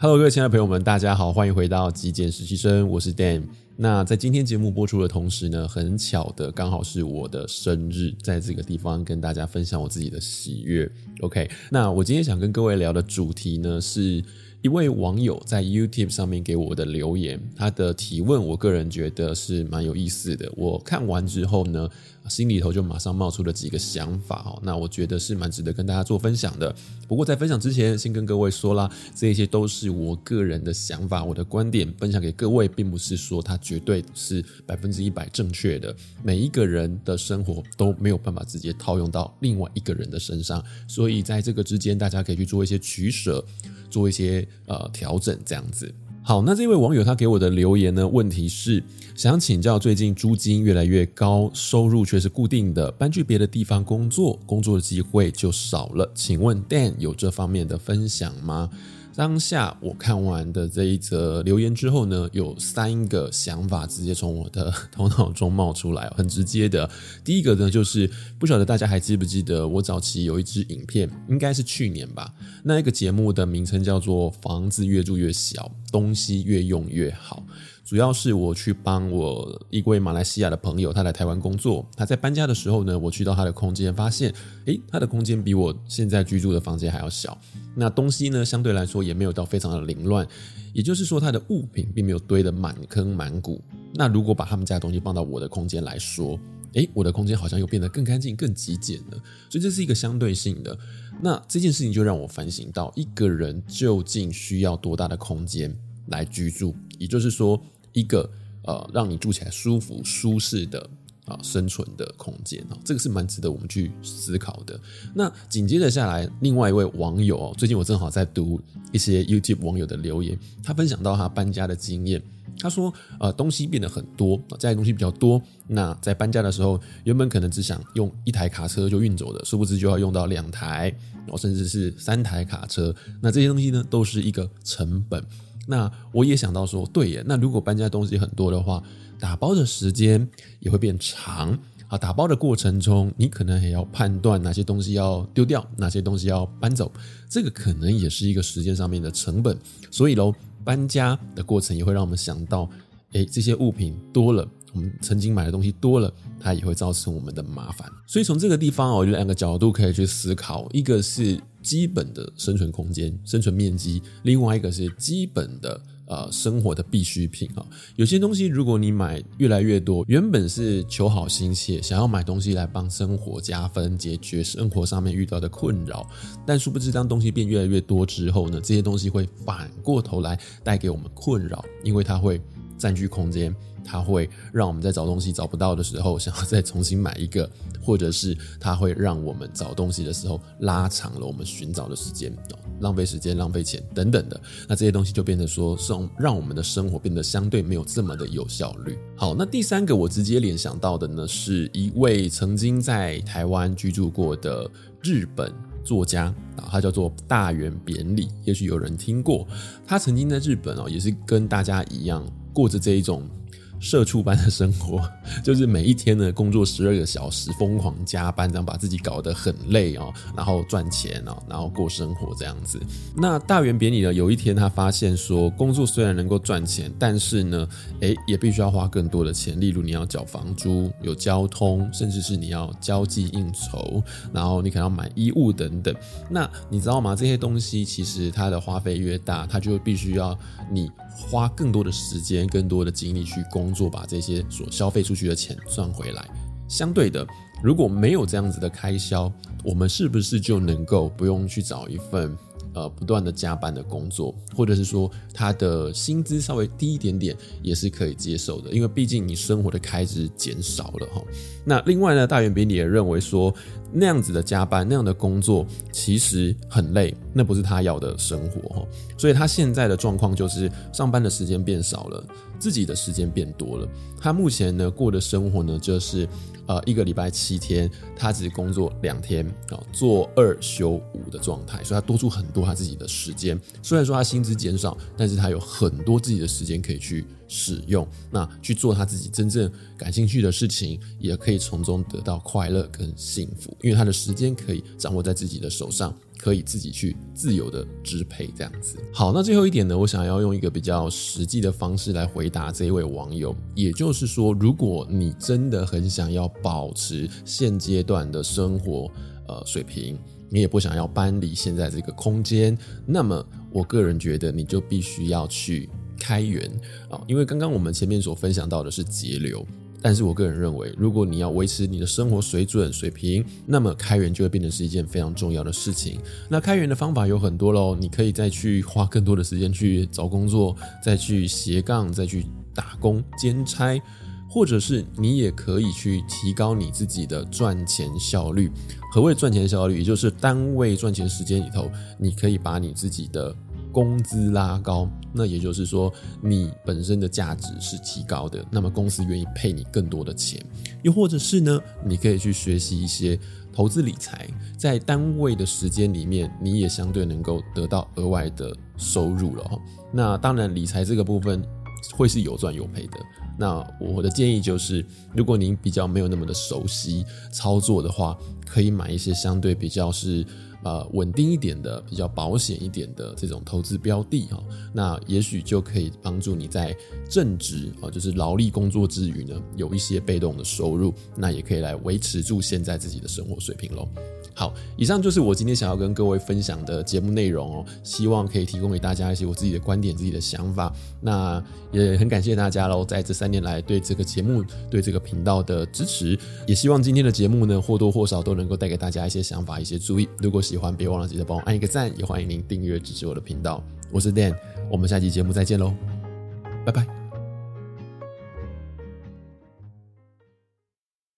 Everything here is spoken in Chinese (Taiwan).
Hello，各位親愛的朋友們，大家好，歡迎回到極簡實習生，我是 Dan。那在今天節目播出的同時呢，很巧的，剛好是我的生日，在這個地方跟大家分享我自己的喜悅。OK，那我今天想跟各位聊的主題呢，是一位網友在 YouTube 上面給我的留言，他的提問，我個人覺得是蠻有意思的。我看完之後呢。心裡頭就馬上冒出了幾個想法哦，那我覺得是蠻值得跟大家做分享的。不過在分享之前，先跟各位說啦，這一些都是我個人的想法，我的觀點分享給各位，並不是說它絕對是百分之一百正確的。每一個人的生活都沒有辦法直接套用到另外一個人的身上，所以在這個之間，大家可以去做一些取捨，做一些呃調整，這樣子。好，那這位網友他給我的留言呢，問題是想請教，最近租金越來越高，收入卻是固定的，搬去別的地方工作，工作的機會就少了。請問 Dan 有這方面的分享嗎？當下我看完的這一則留言之後呢，有三個想法直接從我的頭腦中冒出來，很直接的。第一個呢，就是不曉得大家還記不記得我早期有一支影片，應該是去年吧？那一個節目的名稱叫做“房子越住越小，東西越用越好”。主要是我去幫我一位馬來西亞的朋友，他來台灣工作，他在搬家的時候呢，我去到他的空間，發現，誒，他的空間比我現在居住的房間還要小。那東西呢，相對來說也沒有到非常的凌亂，也就是說，他的物品並沒有堆得滿坑滿谷。那如果把他們家的東西放到我的空間來說，誒，我的空間好像又變得更乾淨、更極簡了。所以這是一個相對性的。那這件事情就讓我反省到，一個人究竟需要多大的空間來居住？也就是說，一個呃，讓你住起來舒服、舒適的生存的空間，這個是蠻值得我們去思考的。那緊接着下來，另外一位網友，最近我正好在讀一些 YouTube 網友的留言，他分享到他搬家的經驗。他說，呃，東西變得很多，家裡東西比較多。那在搬家的時候，原本可能只想用一台卡車就運走的，殊不知就要用到兩台，甚至是三台卡車。那這些東西呢，都是一個成本。那我也想到說，對耶，那如果搬家的東西很多的話，打包的時間也會變長啊。打包的過程中，你可能還要判斷哪些東西要丟掉，哪些東西要搬走，這個可能也是一個時間上面的成本。所以囉，搬家的過程也會讓我們想到，誒、欸，這些物品多了，我們曾經買的東西多了。它也會造成我們的麻煩，所以從這個地方、哦，我覺得兩個角度可以去思考：一個是基本的生存空間、生存面積；另外一個是基本的呃生活的必需品啊、哦。有些東西如果你買越來越多，原本是求好心切，想要買東西來幫生活加分，解決生活上面遇到的困擾，但殊不知當東西變越來越多之後呢，這些東西會反過頭來帶給我們困擾，因為它會。佔據空間，它會讓我們在找東西找不到的時候，想要再重新買一個，或者是它會讓我們找東西的時候拉長了我們尋找的時間，浪費時間、浪費錢等等的。那這些東西就變成說，讓讓我們的生活變得相對沒有這麼的有效率。好，那第三個我直接聯想到的呢，是一位曾經在台灣居住過的日本作家啊，他叫做大原扁理，也許有人聽過。他曾經在日本哦、喔，也是跟大家一樣。過着這一種社畜般的生活，就是每一天呢，工作十二個小時，瘋狂加班，這樣把自己搞得很累哦，然後賺錢哦，然後過生活這樣子。那大原扁理呢，有一天他發現說，工作雖然能夠賺錢，但是呢，誒、欸，也必須要花更多的錢。例如你要繳房租、有交通，甚至是你要交際應酬，然後你可能要買衣物等等。那你知道嗎？這些東西其實它的花費越大，它就必須要你。花更多的時間、更多的精力去工作，把這些所消費出去的錢賺回來。相對的，如果沒有這樣子的開銷，我們是不是就能夠不用去找一份呃不斷的加班的工作，或者是說他的薪資稍微低一點點也是可以接受的？因為畢竟你生活的開支減少了哈。那另外呢，大原扁理也認為說，那樣子的加班，那樣的工作其實很累，那不是他要的生活。所以他現在的狀況就是上班的時間變少了，自己的時間變多了。他目前呢過的生活呢就是，呃，一個禮拜七天，他只工作兩天，啊，做二休五的狀態，所以他多出很多他自己的時間。雖然說他薪資減少，但是他有很多自己的時間可以去。使用那去做他自己真正感興趣的事情，也可以從中得到快樂跟幸福，因為他的時間可以掌握在自己的手上，可以自己去自由的支配這樣子。好，那最後一點呢，我想要用一個比較實際的方式來回答這一位網友，也就是說，如果你真的很想要保持現階段的生活，呃，水平，你也不想要搬離現在這個空間，那麼我個人覺得你就必須要去。開源啊，因為剛剛我們前面所分享到的是節流，但是我個人認為，如果你要維持你的生活水準水平，那麼開源就會變成是一件非常重要的事情。那開源的方法有很多嘍，你可以再去花更多的時間去找工作，再去斜槓，再去打工兼差，或者是你也可以去提高你自己的賺錢效率。何謂賺錢效率？也就是單位賺錢時間裡頭，你可以把你自己的。工資拉高，那也就是說你本身的價值是提高的，那麼公司願意配你更多的錢，又或者是呢，你可以去學習一些投資理財，在單位的時間裡面，你也相對能夠得到額外的收入了。那當然，理財這個部分會是有賺有賠的。那我的建議就是，如果您比較沒有那麼的熟悉操作的話，可以買一些相對比較是。呃，穩定一點的、比較保險一點的這種投資標的，哦，哈，那也許就可以幫助你在正職啊、哦，就是勞力工作之餘呢，有一些被動的收入，那也可以來維持住現在自己的生活水平嘍。好，以上就是我今天想要跟各位分享的節目內容哦，希望可以提供給大家一些我自己的觀點、自己的想法。那也很感謝大家嘍，在這三年來對這個節目、對這個頻道的支持。也希望今天的節目呢，或多或少都能夠帶給大家一些想法、一些注意。如果喜歡，別忘了記得幫我按一個讚，也歡迎您訂閱支持我的頻道。我是 Dan，我們下期節目再見嘍，拜拜。